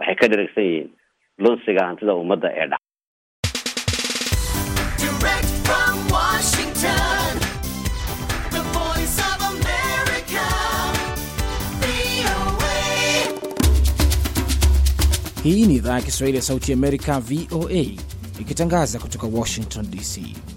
waxay ka dheragsan yihiin lunsiga hantida ummadda ee dhac Hii ni idhaa ya Kiswahili ya Sauti Amerika, VOA, ikitangaza kutoka Washington DC.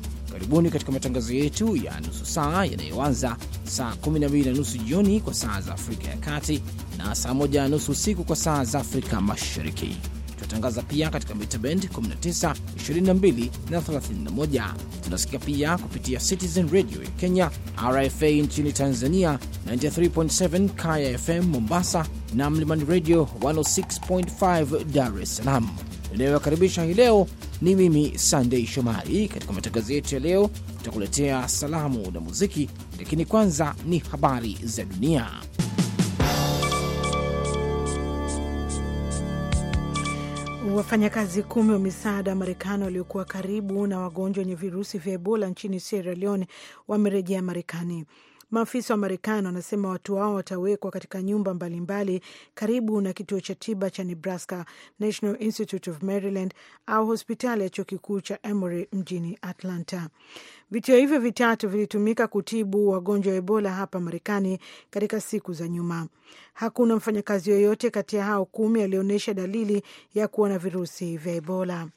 Karibuni katika matangazo yetu ya nusu saa yanayoanza saa 12 na nusu jioni kwa saa za Afrika ya Kati na saa 1 na nusu usiku kwa saa za Afrika Mashariki. Tunatangaza pia katika mita bend 19, 22 na 31. tunasikika pia kupitia Citizen Radio ya Kenya, RFA nchini Tanzania 93.7, Kaya FM Mombasa na Mlimani Radio 106.5 Dar es Salaam inayowakaribisha hii leo ni mimi Sandei Shomari. Katika matangazo yetu ya leo, tutakuletea salamu na muziki, lakini kwanza ni habari za dunia. Wafanyakazi kumi wa misaada wa Marekani waliokuwa karibu na wagonjwa wenye virusi vya Ebola nchini Sierra Leone wamerejea Marekani. Maafisa wa Marekani wanasema watu hao watawekwa katika nyumba mbalimbali mbali karibu na kituo cha tiba cha Nebraska, National Institute of Maryland au hospitali ya chuo kikuu cha Emory mjini Atlanta. Vituo hivyo vitatu vilitumika kutibu wagonjwa wa Ebola hapa Marekani katika siku za nyuma. Hakuna mfanyakazi yoyote kati ya hao kumi alionyesha dalili ya kuwa na virusi vya Ebola.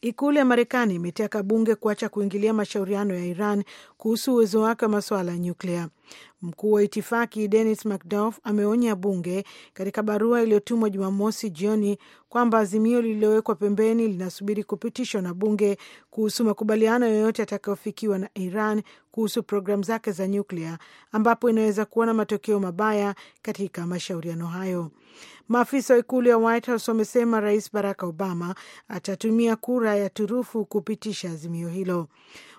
Ikulu ya Marekani imetaka bunge kuacha kuingilia mashauriano ya Iran kuhusu uwezo wake wa masuala ya nyuklia. Mkuu wa itifaki Dennis McDough ameonya bunge katika barua iliyotumwa Jumamosi jioni kwamba azimio lililowekwa pembeni linasubiri kupitishwa na bunge kuhusu makubaliano yoyote yatakayofikiwa na Iran kuhusu programu zake za nyuklia, ambapo inaweza kuwa na matokeo mabaya katika mashauriano hayo. Maafisa wa ikulu ya White House wamesema Rais Barack Obama atatumia kura ya turufu kupitisha azimio hilo.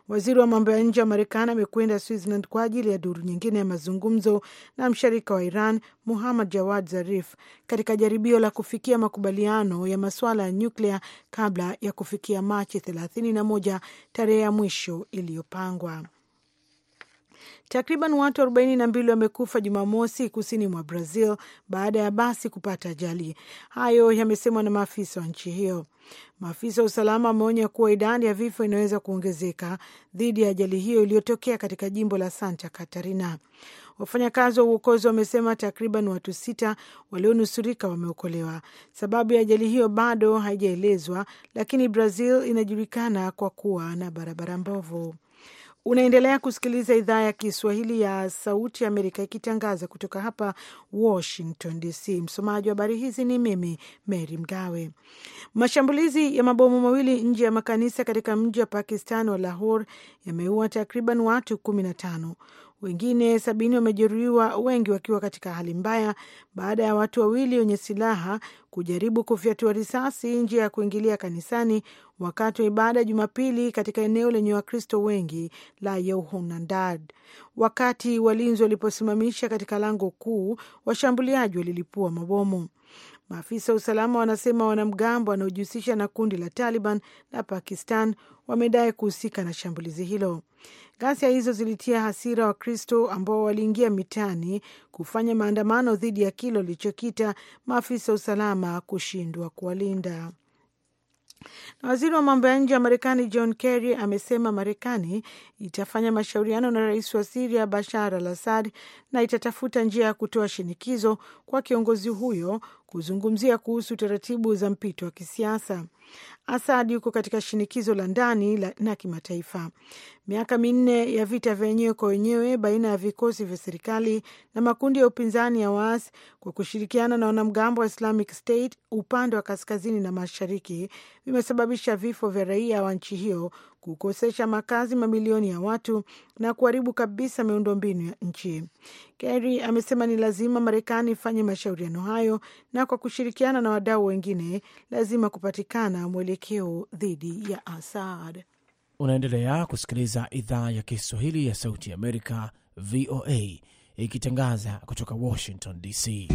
Waziri wa mambo ya nje wa Marekani amekwenda Switzerland kwa ajili ya duru nyingine ya mazungumzo na mshirika wa Iran Muhammad Jawad Zarif katika jaribio la kufikia makubaliano ya masuala ya nyuklia kabla ya kufikia Machi 31 tarehe ya mwisho iliyopangwa. Takriban watu 42 wamekufa Jumamosi kusini mwa Brazil baada ya basi kupata ajali. Hayo yamesemwa na maafisa wa nchi hiyo. Maafisa wa usalama wameonya kuwa idadi ya vifo inaweza kuongezeka dhidi ya ajali hiyo iliyotokea katika jimbo la Santa Catarina. Wafanyakazi wa uokozi wamesema takriban watu sita walionusurika wameokolewa. Sababu ya ajali hiyo bado haijaelezwa, lakini Brazil inajulikana kwa kuwa na barabara mbovu. Unaendelea kusikiliza idhaa ya Kiswahili ya Sauti Amerika ikitangaza kutoka hapa Washington DC. Msomaji wa habari hizi ni mimi Mary Mgawe. Mashambulizi ya mabomu mawili nje ya makanisa katika mji wa Pakistan wa Lahore yameua takriban watu kumi na tano wengine sabini wamejeruhiwa, wengi wakiwa katika hali mbaya, baada ya watu wawili wenye silaha kujaribu kufyatua risasi nje ya kuingilia kanisani wakati wa ibada ya Jumapili katika eneo lenye Wakristo wengi la Yohunandad. Wakati walinzi waliposimamisha katika lango kuu, washambuliaji walilipua mabomu. Maafisa wa usalama wanasema wanamgambo wanaojihusisha na kundi la Taliban la Pakistan wamedai kuhusika na shambulizi hilo. Ghasia hizo zilitia hasira Wakristo ambao waliingia mitaani kufanya maandamano dhidi ya kile walichokita maafisa wa usalama kushindwa kuwalinda. Na waziri wa mambo ya nje wa Marekani John Kerry amesema Marekani itafanya mashauriano na rais wa Siria Bashar al Assad na itatafuta njia ya kutoa shinikizo kwa kiongozi huyo kuzungumzia kuhusu taratibu za mpito wa kisiasa. Asad yuko katika shinikizo la ndani na kimataifa. Miaka minne ya vita vya wenyewe kwa wenyewe baina ya vikosi vya serikali na makundi ya upinzani ya waasi kwa kushirikiana na wanamgambo wa Islamic State upande wa kaskazini na mashariki vimesababisha vifo vya raia wa nchi hiyo kukosesha makazi mamilioni ya watu na kuharibu kabisa miundombinu ya nchi. Kerry amesema ni lazima Marekani ifanye mashauriano hayo na kwa kushirikiana na wadau wengine lazima kupatikana mwelekeo dhidi ya Assad. Unaendelea kusikiliza idhaa ya Kiswahili ya Sauti ya Amerika, VOA, ikitangaza kutoka Washington DC.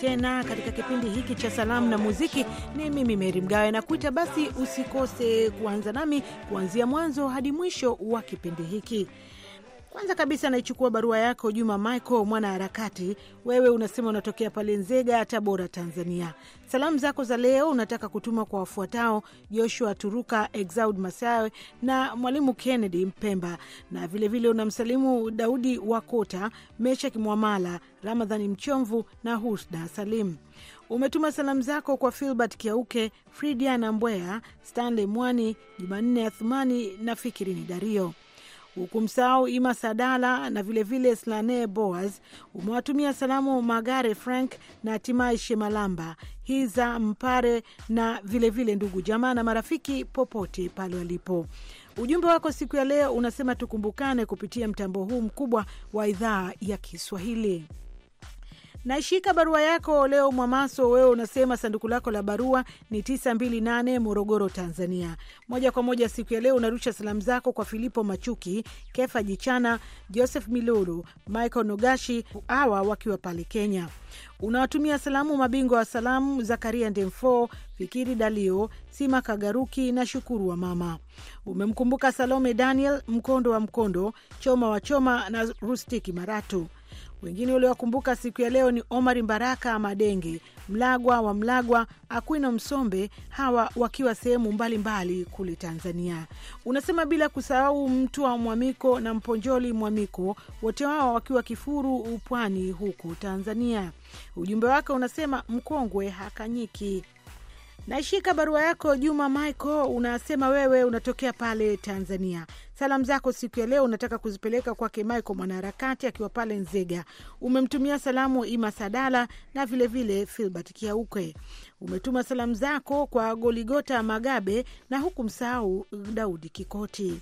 tena katika kipindi hiki cha salamu na muziki. Ni mimi Meri Mgawe nakuita, basi usikose kuanza nami kuanzia mwanzo hadi mwisho wa kipindi hiki. Kwanza kabisa naichukua barua yako Juma Michael harakati Wewe unasema unatokea pale Nzega, Tabora, Tanzania. Salamu zako za leo unataka kutuma kwa wafuatao: Joshua Turuka, Exaud Masawe na Mwalimu Kennedy Mpemba, na vilevile vile unamsalimu Daudi Wakota, Mesha Kimwamala, Ramadhani Mchomvu na Husda Salim. Umetuma salamu zako kwa Filbert Kiauke, Fridiana Mbwea, Stanley Mwani, Jumanne Athumani na Fikirini Dario hukumsahau Ima Sadala na vilevile vile Slane Boas. Umewatumia salamu Magare Frank na hatimaye Shemalamba Hiza Mpare na vilevile vile ndugu jamaa na marafiki popote pale walipo. Ujumbe wako siku ya leo unasema tukumbukane kupitia mtambo huu mkubwa wa idhaa ya Kiswahili. Naishika barua yako leo Mwamaso, wewe unasema sanduku lako la barua ni 928 Morogoro, Tanzania. Moja kwa moja siku ya leo unarusha salamu zako kwa Filipo Machuki, Kefa Jichana, Joseph Milulu, Michael Nogashi, hawa wakiwa pale Kenya. Unawatumia salamu mabingwa wa salamu Zakaria Ndemfo, Fikiri Dalio, Sima Kagaruki na Shukuru wa mama. Umemkumbuka Salome Daniel Mkondo wa Mkondo, Choma wa Choma na Rustiki Maratu wengine waliowakumbuka siku ya leo ni Omar Mbaraka Madenge, Mlagwa wa Mlagwa, Akwino Msombe, hawa wakiwa sehemu mbalimbali kule Tanzania. Unasema bila kusahau mtu wa Mwamiko na Mponjoli Mwamiko, wote wao wakiwa Kifuru Upwani huku Tanzania. Ujumbe wake unasema mkongwe hakanyiki. Naishika barua yako Juma Michael, unasema wewe unatokea pale Tanzania. Salamu zako siku ya leo unataka kuzipeleka kwake Michael mwanaharakati akiwa pale Nzega. Umemtumia salamu Ima Sadala na vilevile Filbert Kiaukwe. Umetuma salamu zako kwa Goligota Magabe na huku msahau Daudi Kikoti.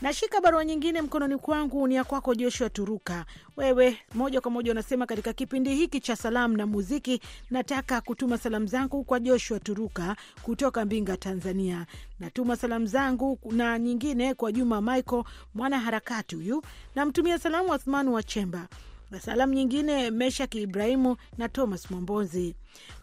Nashika barua nyingine mkononi kwangu, ni ya kwako Joshua Turuka. Wewe moja kwa moja unasema katika kipindi hiki cha salamu na muziki, nataka kutuma salamu zangu kwa Joshua Turuka kutoka Mbinga, Tanzania. Natuma salamu zangu na nyingine kwa Juma Michael, mwanaharakati huyu. Namtumia salamu Athmani wa Chemba na salamu nyingine Meshaki Ibrahimu na Thomas Mwambozi.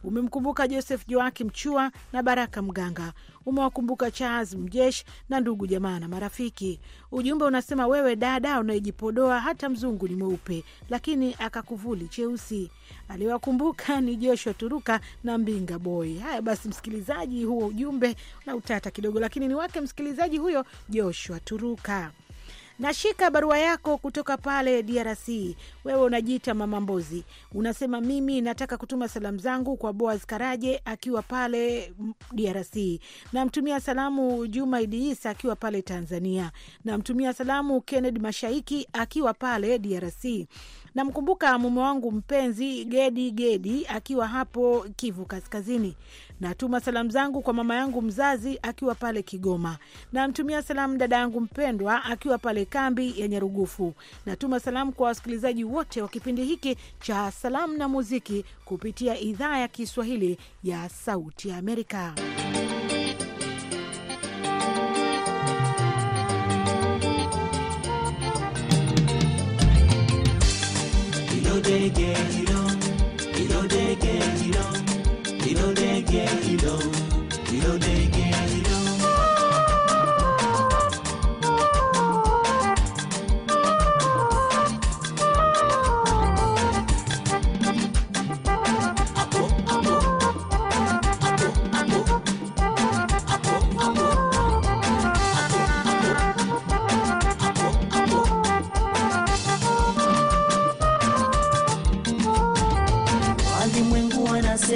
Umemkumbuka Joseph Joaki Mchua na Baraka Mganga. Umewakumbuka Charles Mjesh na ndugu jamaa na marafiki. Ujumbe unasema wewe dada unayejipodoa hata mzungu ni mweupe, lakini akakuvuli cheusi. Aliwakumbuka ni Joshua Turuka na Mbinga Boy. Haya basi, msikilizaji, huo ujumbe na utata kidogo, lakini ni wake msikilizaji huyo Joshua Turuka. Nashika barua yako kutoka pale DRC. Wewe unajiita mama Mbozi, unasema mimi nataka kutuma salamu zangu kwa Boaz Karaje akiwa pale DRC, namtumia salamu Juma Idi akiwa pale Tanzania, namtumia salamu Kennedy Mashaiki akiwa pale DRC, Namkumbuka mume wangu mpenzi Gedi Gedi akiwa hapo Kivu Kaskazini. Natuma salamu zangu kwa mama yangu mzazi akiwa pale Kigoma. Namtumia salamu dada yangu mpendwa akiwa pale kambi ya Nyarugufu. Natuma salamu kwa wasikilizaji wote wa kipindi hiki cha salamu na muziki kupitia idhaa ya Kiswahili ya Sauti ya Amerika. they get it on?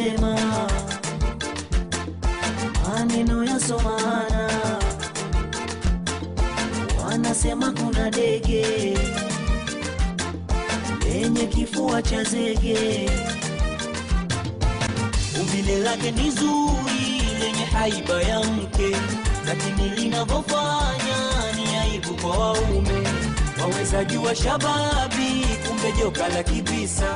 yanasema maneno yasomana, wanasema kuna dege lenye kifua cha zege, umbile lake ni zuri, lenye haiba ya mke, lakini linavyofanya ni aibu kwa waume. Waweza jua shababi, kumbe joka la kibisa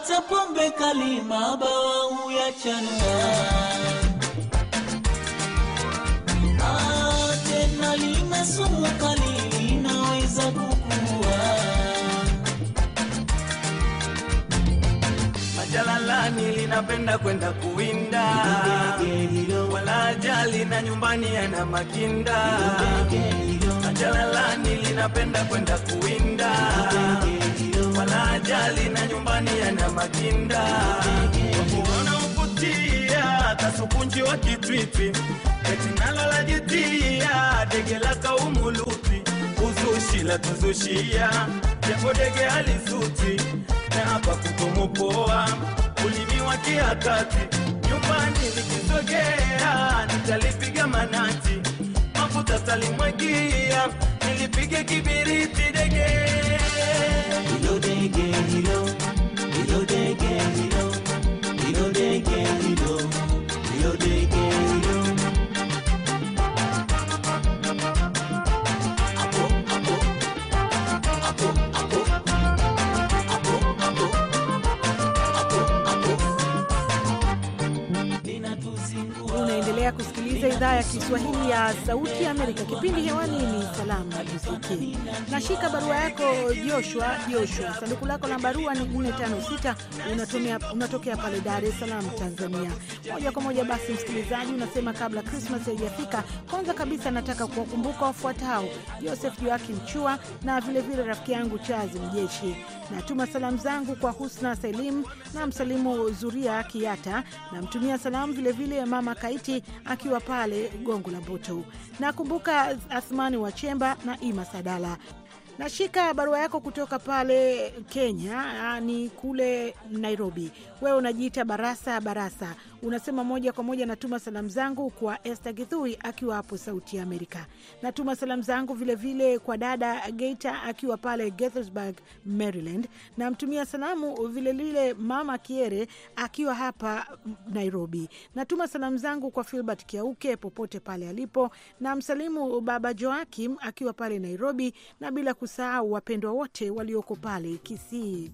Hata pombe kali mabawa yachanua, ah, tena lina sumu kali linaweza kukuua. Majalalani linapenda kwenda kuwinda, wala jali na nyumbani yana makinda. Majalalani linapenda kwenda kuwinda wana ajali na nyumbani yana makinda wakuona uvutia kasukunji wa kitwitwi eti nalala jitia dege la kaumulupi uzushi la tuzushia japo dege alizuti na hapa kutomopoa ulimi wa kiakati nyumbani nikizogea nitalipiga manati mafuta talimwagia nilipige kibiriti dege unaendelea kusikiliza Idhaa ya Kiswahili ya Sauti ya Amerika. Kipindi hewani ni salamu rafiki. Nashika barua yako Joshua. Joshua, sanduku lako la barua ni 456 unatumia, unatokea pale Dar es Salaam, Tanzania. Moja kwa moja basi, msikilizaji, unasema kabla Krismas haijafika, kwanza kabisa nataka kuwakumbuka wafuatao: Joseph Joakim Chua na vilevile vile rafiki yangu Chazi Mjeshi. Natuma salamu zangu kwa Husna Salim na msalimu Zuria Kiata, namtumia salamu vilevile vile mama Kaiti akiwa pale Gongo la Mboto. Nakumbuka Athmani wa Chemba na Ima Masadala Nashika barua yako kutoka pale Kenya, ni yaani kule Nairobi. Wewe unajiita Barasa Barasa, unasema moja kwa moja, natuma salamu zangu kwa Esther Githui akiwa hapo Sauti ya Amerika. Natuma salamu zangu vilevile kwa dada Geita akiwa pale Gaithersburg, Maryland. Namtumia salamu vilevile mama Kiere akiwa hapa Nairobi. Natuma salamu zangu kwa Filbert Kiauke popote pale alipo, Namsalimu baba Joakim akiwa pale Nairobi, na bila kusahau wapendwa wote walioko pale Kisii.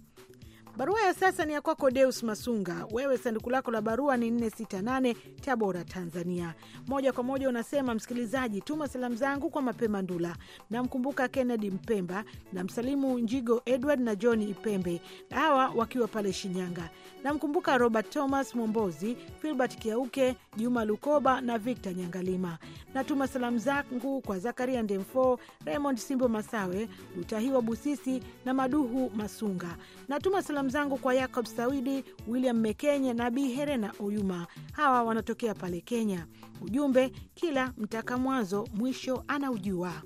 Barua ya sasa ni ya kwako Deus Masunga, wewe sanduku lako la barua ni 468 Tabora, Tanzania. Moja kwa moja unasema, msikilizaji, tuma salamu zangu kwa Mapema Ndula, namkumbuka Kennedy Mpemba na msalimu Njigo Edward na John Ipembe, hawa wakiwa pale Shinyanga. Namkumbuka Robert Thomas Mwombozi, Filbert Kiauke, Juma Lukoba na Victor Nyangalima. Natuma salamu zangu kwa Zakaria Ndemfo, Raymond Simbo Masawe, Lutahiwa Busisi na Maduhu Masunga. Natuma salamu salamu zangu kwa yacob Sawidi, William Mekenye na Bi Herena Oyuma, hawa wanatokea pale Kenya. Ujumbe, kila mtaka mwanzo mwisho anaujua.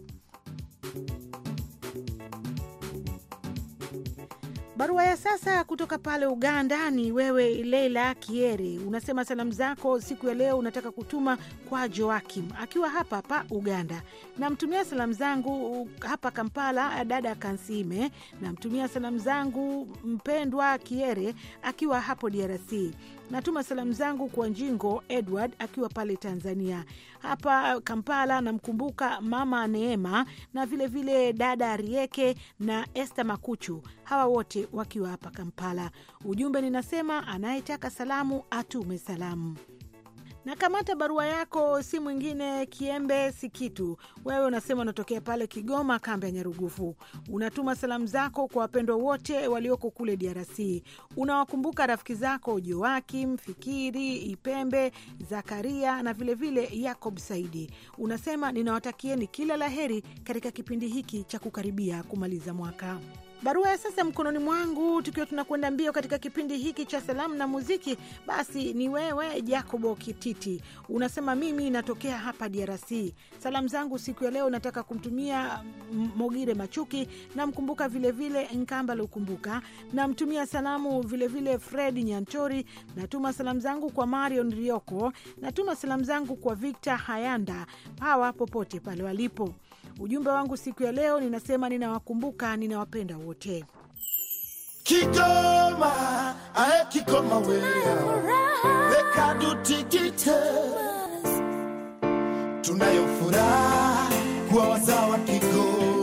Barua ya sasa kutoka pale Uganda ni wewe Leila Kiere, unasema salamu zako siku ya leo unataka kutuma kwa Joakim akiwa hapa hapa Uganda. Namtumia salamu zangu hapa Kampala dada Kansime, namtumia salamu zangu mpendwa Kiere akiwa hapo DRC. Natuma salamu zangu kwa Njingo Edward akiwa pale Tanzania. Hapa Kampala namkumbuka mama Neema na vilevile vile dada Rieke na Esther Makuchu, hawa wote wakiwa hapa Kampala. Ujumbe ninasema, anayetaka salamu atume salamu na kamata barua yako, si mwingine Kiembe Sikitu. Wewe unasema unatokea pale Kigoma, kambi ya Nyarugufu. Unatuma salamu zako kwa wapendwa wote walioko kule DRC. Unawakumbuka rafiki zako Joakim Fikiri, Ipembe Zakaria na vilevile vile Yakob Saidi. Unasema ninawatakieni kila laheri katika kipindi hiki cha kukaribia kumaliza mwaka barua ya sasa mkononi mwangu, tukiwa tunakwenda mbio katika kipindi hiki cha salamu na muziki. Basi ni wewe Jacobo Kititi, unasema mimi natokea hapa DRC. Salamu zangu siku ya leo nataka kumtumia Mogire Machuki, namkumbuka vilevile Nkamba Lukumbuka, namtumia salamu vilevile Fred Nyantori, natuma salamu zangu kwa Marion Rioko, natuma salamu zangu kwa Victor Hayanda, hawa popote pale walipo Ujumbe wangu siku ya leo ninasema, ninawakumbuka, ninawapenda wote. Kigoma Kigoma tunayo furaha kuwa Kigoma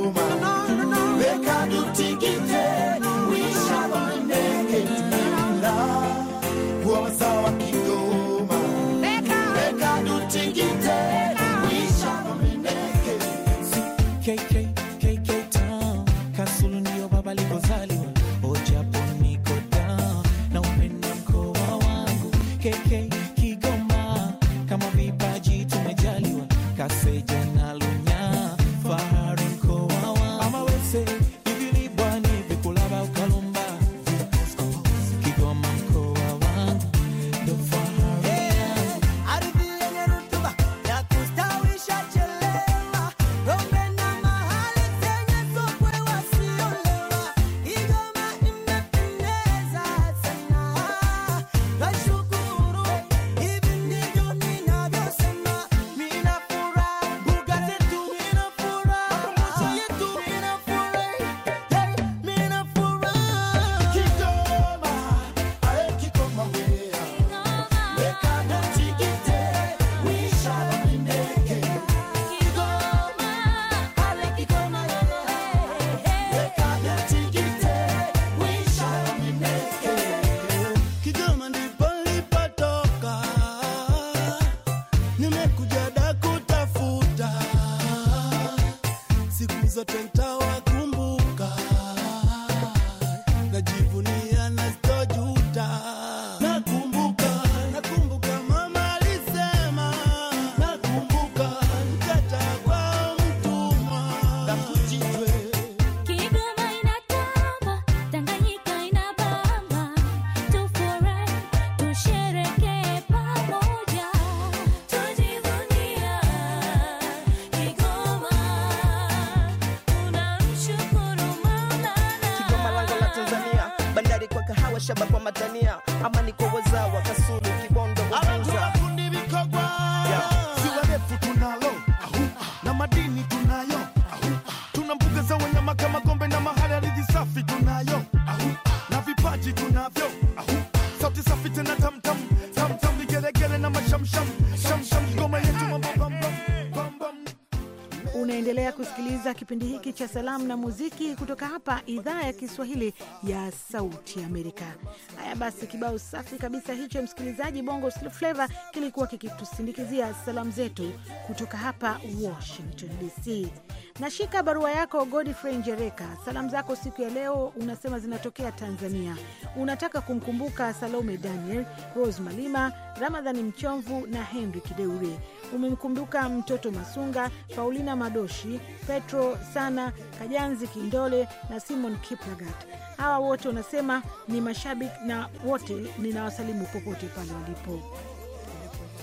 unasikiliza kipindi hiki cha salamu na muziki kutoka hapa idhaa ya Kiswahili ya Sauti Amerika. Haya basi, kibao safi kabisa hicho, msikilizaji. Bongo Flava kilikuwa kikitusindikizia salamu zetu kutoka hapa Washington DC. Nashika barua yako Godfrey Njereka. Salamu zako siku ya leo unasema zinatokea Tanzania. Unataka kumkumbuka Salome Daniel, Rose Malima, Ramadhani Mchomvu na Henry Kideure. Umemkumbuka mtoto Masunga, Paulina Madoshi, Petro Sana, Kajanzi Kindole na Simon Kiplagat. Hawa wote unasema ni mashabiki na wote ninawasalimu popote pale walipo.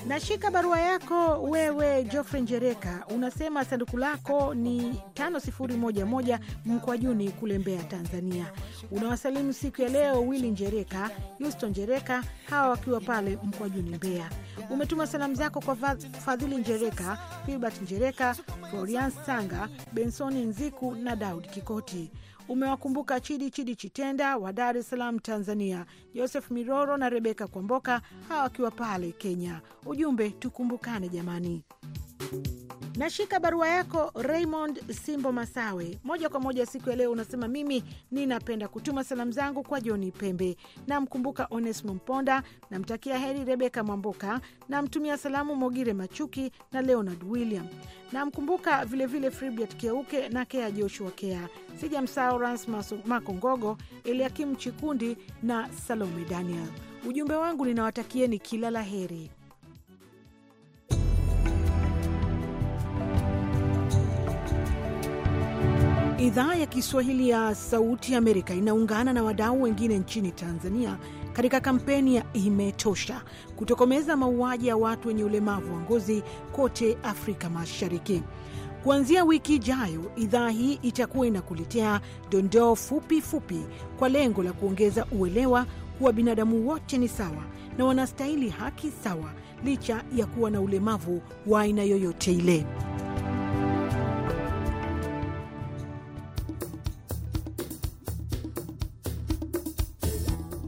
Nashika barua yako wewe Jofre Njereka, unasema sanduku lako ni 5011 Mkwajuni kule Mbeya, Tanzania. Unawasalimu siku ya leo Willi Njereka, Houston Njereka, hawa wakiwa pale Mkwajuni Mbeya. Umetuma salamu zako kwa Fadhili Njereka, Filbert Njereka, Florian Sanga, Bensoni Nziku na Daud Kikoti umewakumbuka Chidi Chidi Chitenda wa Dar es Salaam, Tanzania, Joseph Miroro na Rebeka Kwamboka, hawa wakiwa pale Kenya. Ujumbe, tukumbukane jamani. Nashika barua yako Raymond Simbo Masawe, moja kwa moja siku ya leo. Unasema mimi ninapenda kutuma salamu zangu kwa Joni Pembe, namkumbuka Onesmo Mponda, namtakia heri Rebeka Mwamboka, namtumia salamu Mogire Machuki na Leonard William, namkumbuka vilevile Fribiat Keuke na Kea Joshua Kea, sijamsahau Rans Makongogo, eliakimu Chikundi na Salome Daniel. Ujumbe wangu ninawatakieni kila la heri. Idhaa ya Kiswahili ya Sauti ya Amerika inaungana na wadau wengine nchini Tanzania katika kampeni ya Imetosha kutokomeza mauaji ya watu wenye ulemavu wa ngozi kote Afrika Mashariki. Kuanzia wiki ijayo, idhaa hii itakuwa inakuletea dondoo fupi fupi kwa lengo la kuongeza uelewa kuwa binadamu wote ni sawa na wanastahili haki sawa licha ya kuwa na ulemavu wa aina yoyote ile.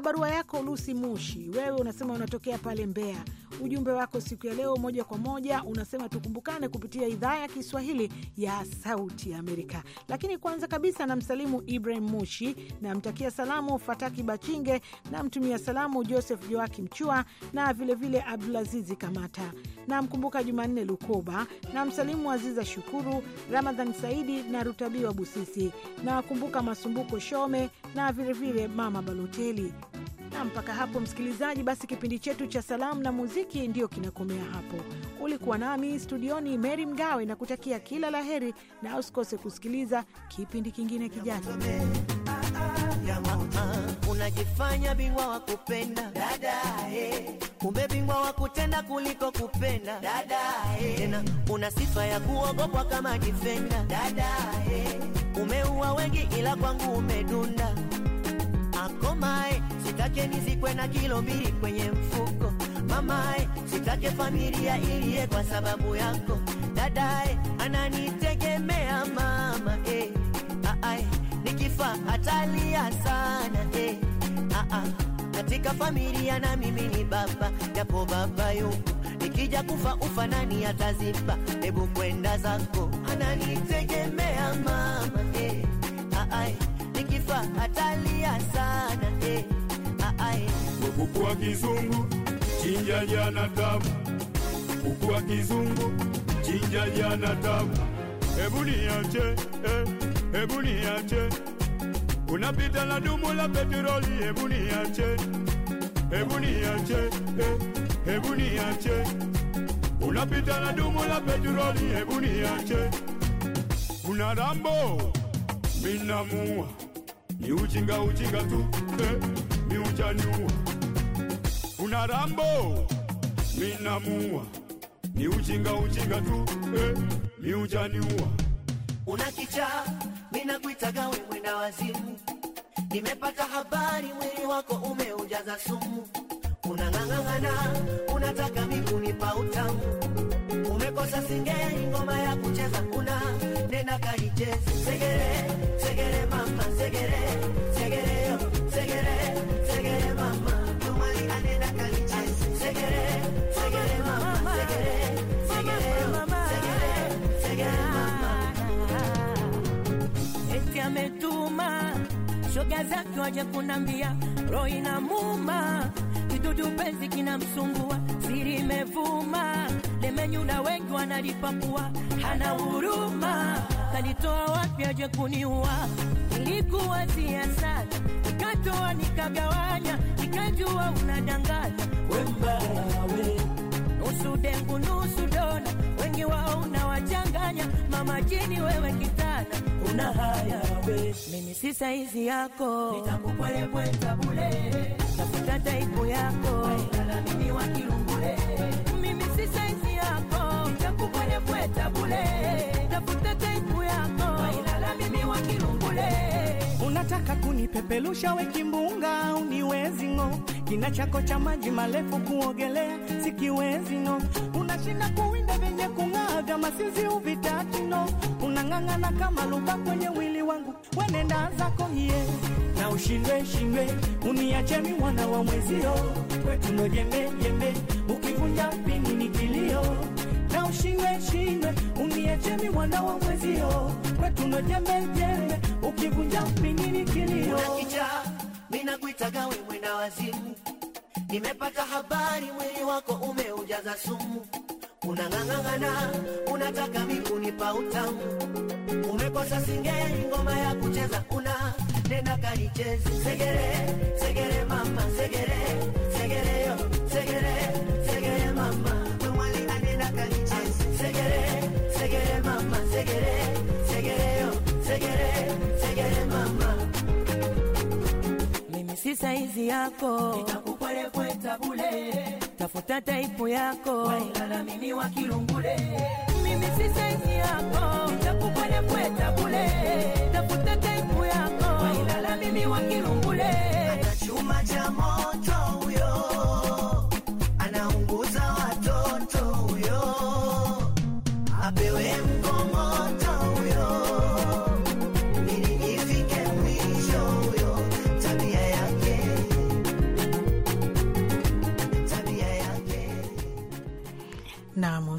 barua yako Lusi Mushi, wewe unasema unatokea pale Mbeya ujumbe wako siku ya leo moja kwa moja unasema tukumbukane kupitia idhaa ya Kiswahili ya Sauti ya Amerika. Lakini kwanza kabisa namsalimu Ibrahim Mushi, namtakia salamu Fataki Bachinge, namtumia salamu Joseph Joakim Chua na vilevile Abdulazizi Kamata, namkumbuka Jumanne Lukoba, namsalimu Aziza Shukuru, Ramadhan Saidi na Rutabiwa Busisi, nawakumbuka Masumbuko Shome na vilevile Mama Baloteli. Na mpaka hapo msikilizaji, basi kipindi chetu cha salamu na muziki ndiyo kinakomea hapo. Ulikuwa nami studioni Meri Mgawe na kutakia kila la heri, na usikose kusikiliza kipindi kingine kijacho. Unajifanya bingwa wa kupenda dada, eh. kumbe bingwa wa kutenda kuliko kupenda dada, eh. tena una sifa ya kuogopwa kama difenda dada, eh. umeua wengi ila kwangu umedunda akomae sitake nizikwe na kilo mbili kwenye mfuko. Mamae, eh, sitake familia iliye kwa sababu yako. Dadae, eh, ananitegemea mama eh. Aai, ah, ah, nikifa atalia sana eh. Aa, ah, katika familia na mimi ni baba, japo baba yuko nikija kufa ufa nani ataziba? Hebu kwenda zako, ananitegemea mama eh. Aai, nikifa atalia sana eh kuku wa kizungu chinja jana tabu, kuku wa kizungu chinja jana tabu. Hebu niache eh, hebu niache, unapita na dumu la petroli. Hebu niache, hebu niache eh, hebu niache, unapita na dumu la petroli. Hebu niache, kuna rambo minamua ni uchinga uchinga tu eh, ni uchanyua na Rambo minamua ni ujinga ujinga tu eh, mi ujaniua unakichaa minakuitaga we mwenda wazimu nimepata habari mwili wako umeujaza sumu unang'ang'ang'ana unataka pa utamu umekosa singeli ngoma ya kucheza kuna nena kaicheze segere segere mama segere segere eti ametuma shoga zake waje kunambia, roho inamuma, kidudu penzi kinamsumbua, siri imevuma, lemenyu wengi wanalipakua, hana huruma, kalitoa wapi aje kuniua? Ilikuwa siasa nikatoa nikagawanya, nikajua unadanganya wembarawe nusu dengu nusu dona, wengi wao unawachanganya. Mama jini wewe kitana, una haya we, mimi si saizi yako, nitakupwele kwenda bule, tafuta taipu yako mimi wa kilungule, mimi si saizi yako, nitakupwele kwenda bule, tafuta taipu Unataka kunipepelusha we kimbunga, niwezi ng'o. Kina chako cha maji marefu kuogelea sikiwezi ng'o. Unashinda kuwinda vyenye kung'aa vya masinzi no. Unang'ang'ana kama luba kwenye wili wangu, wenenda zako hiye na ushindwe shindwe, uniache mi mwana wa mwezio, kwetu ndo jembe jembe, ukivunja pini ni kilio shime shime, uniachemi mwana wa mwezio, kwetu na jembe jembe, ukivunja mbingini kilio. Unakicha ninakuitaga we mwenda wazimu, nimepata habari mwili wako umeujaza sumu, unang'ang'ang'ana unataka mikunipa utamu, umekosa singeli ngoma ya kucheza una nenda kanicheze segere segere mama segere segere yo segere segere mama si saizi yako itakupwelekwe bule, tafuta taipu yako wailalamini wa kilungule, mimi si saizi yako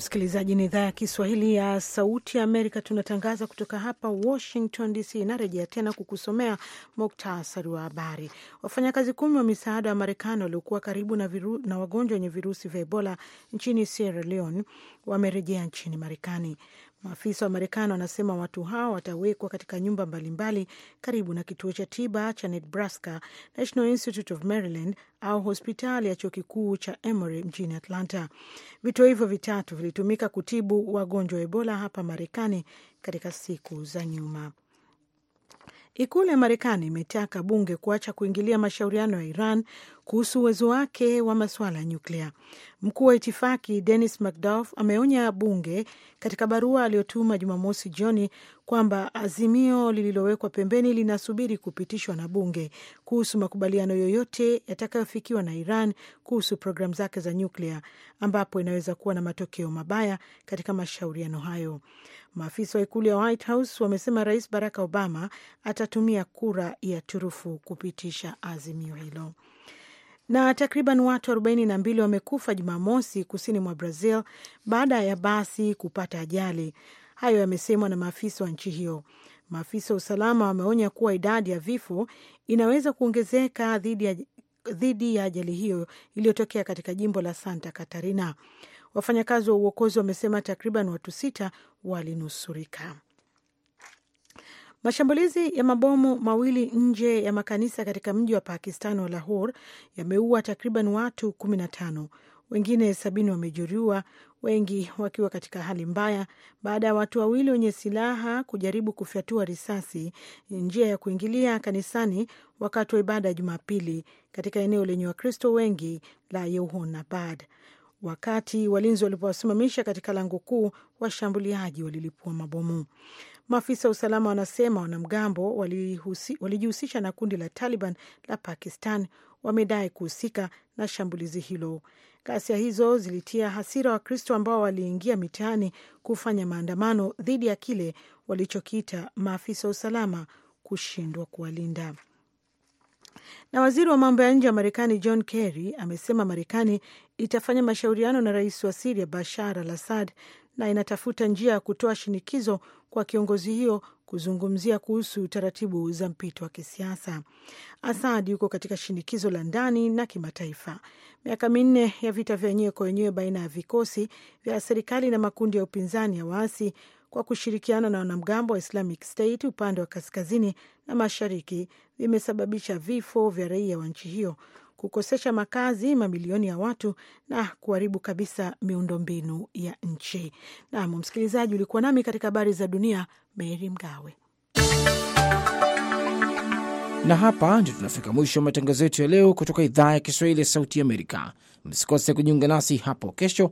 Msikilizaji, ni idhaa ya Kiswahili ya Sauti ya Amerika. Tunatangaza kutoka hapa Washington DC. Inarejea tena kukusomea muktasari wa habari. Wafanyakazi kumi wa misaada wa Marekani waliokuwa karibu na, viru, na wagonjwa wenye virusi vya Ebola nchini Sierra Leone wamerejea nchini Marekani. Maafisa wa Marekani wanasema watu hao watawekwa katika nyumba mbalimbali mbali karibu na kituo cha tiba cha Nebraska National Institute of Maryland au hospitali ya chuo kikuu cha Emory mjini Atlanta. Vituo hivyo vitatu vilitumika kutibu wagonjwa wa Ebola hapa Marekani katika siku za nyuma. Ikulu ya Marekani imetaka bunge kuacha kuingilia mashauriano ya Iran kuhusu uwezo wake wa masuala ya nyuklia. Mkuu wa itifaki Dennis McDough ameonya bunge katika barua aliyotuma Jumamosi jioni kwamba azimio lililowekwa pembeni linasubiri kupitishwa na bunge kuhusu makubaliano yoyote yatakayofikiwa na Iran kuhusu programu zake za nyuklia, ambapo inaweza kuwa na matokeo mabaya katika mashauriano hayo. Maafisa wa ikulu ya White House wamesema Rais Barack Obama atatumia kura ya turufu kupitisha azimio hilo. Na takriban watu 42 wamekufa Jumamosi kusini mwa Brazil baada ya basi kupata ajali. Hayo yamesemwa na maafisa wa nchi hiyo. Maafisa wa usalama wameonya kuwa idadi ya vifo inaweza kuongezeka dhidi ya ajali hiyo iliyotokea katika jimbo la Santa Catarina. Wafanyakazi wa uokozi wamesema takriban watu sita walinusurika. Mashambulizi ya mabomu mawili nje ya makanisa katika mji wa Pakistan wa Lahore yameua takriban watu kumi na tano, wengine sabini wamejeruhiwa, wengi wakiwa katika hali mbaya, baada ya watu wawili wenye silaha kujaribu kufyatua risasi njia ya kuingilia kanisani wakati wa ibada ya Jumapili katika eneo lenye Wakristo wengi la Yehonabad. Wakati walinzi walipowasimamisha katika lango kuu, washambuliaji walilipua mabomu. Maafisa wa usalama wanasema wanamgambo walijihusisha na kundi la Taliban la Pakistan wamedai kuhusika na shambulizi hilo. Ghasia hizo zilitia hasira Wakristo ambao waliingia mitaani kufanya maandamano dhidi ya kile walichokiita maafisa wa usalama kushindwa kuwalinda. Na waziri wa mambo ya nje wa Marekani John Kerry amesema Marekani itafanya mashauriano na rais wa Siria Bashar al Assad na inatafuta njia ya kutoa shinikizo kwa kiongozi hiyo kuzungumzia kuhusu taratibu za mpito wa kisiasa. Asad yuko katika shinikizo la ndani na kimataifa. Miaka minne ya vita vya wenyewe kwa wenyewe baina ya vikosi vya serikali na makundi ya upinzani ya waasi kwa kushirikiana na wanamgambo wa Islamic State upande wa kaskazini na mashariki vimesababisha vifo vya raia wa nchi hiyo, kukosesha makazi mamilioni ya watu na kuharibu kabisa miundombinu ya nchi. Nam msikilizaji, ulikuwa nami katika habari za dunia. Meri Mgawe na hapa ndio tunafika mwisho wa matangazo yetu ya leo kutoka idhaa ya Kiswahili ya Sauti Amerika. Msikose kujiunga nasi hapo kesho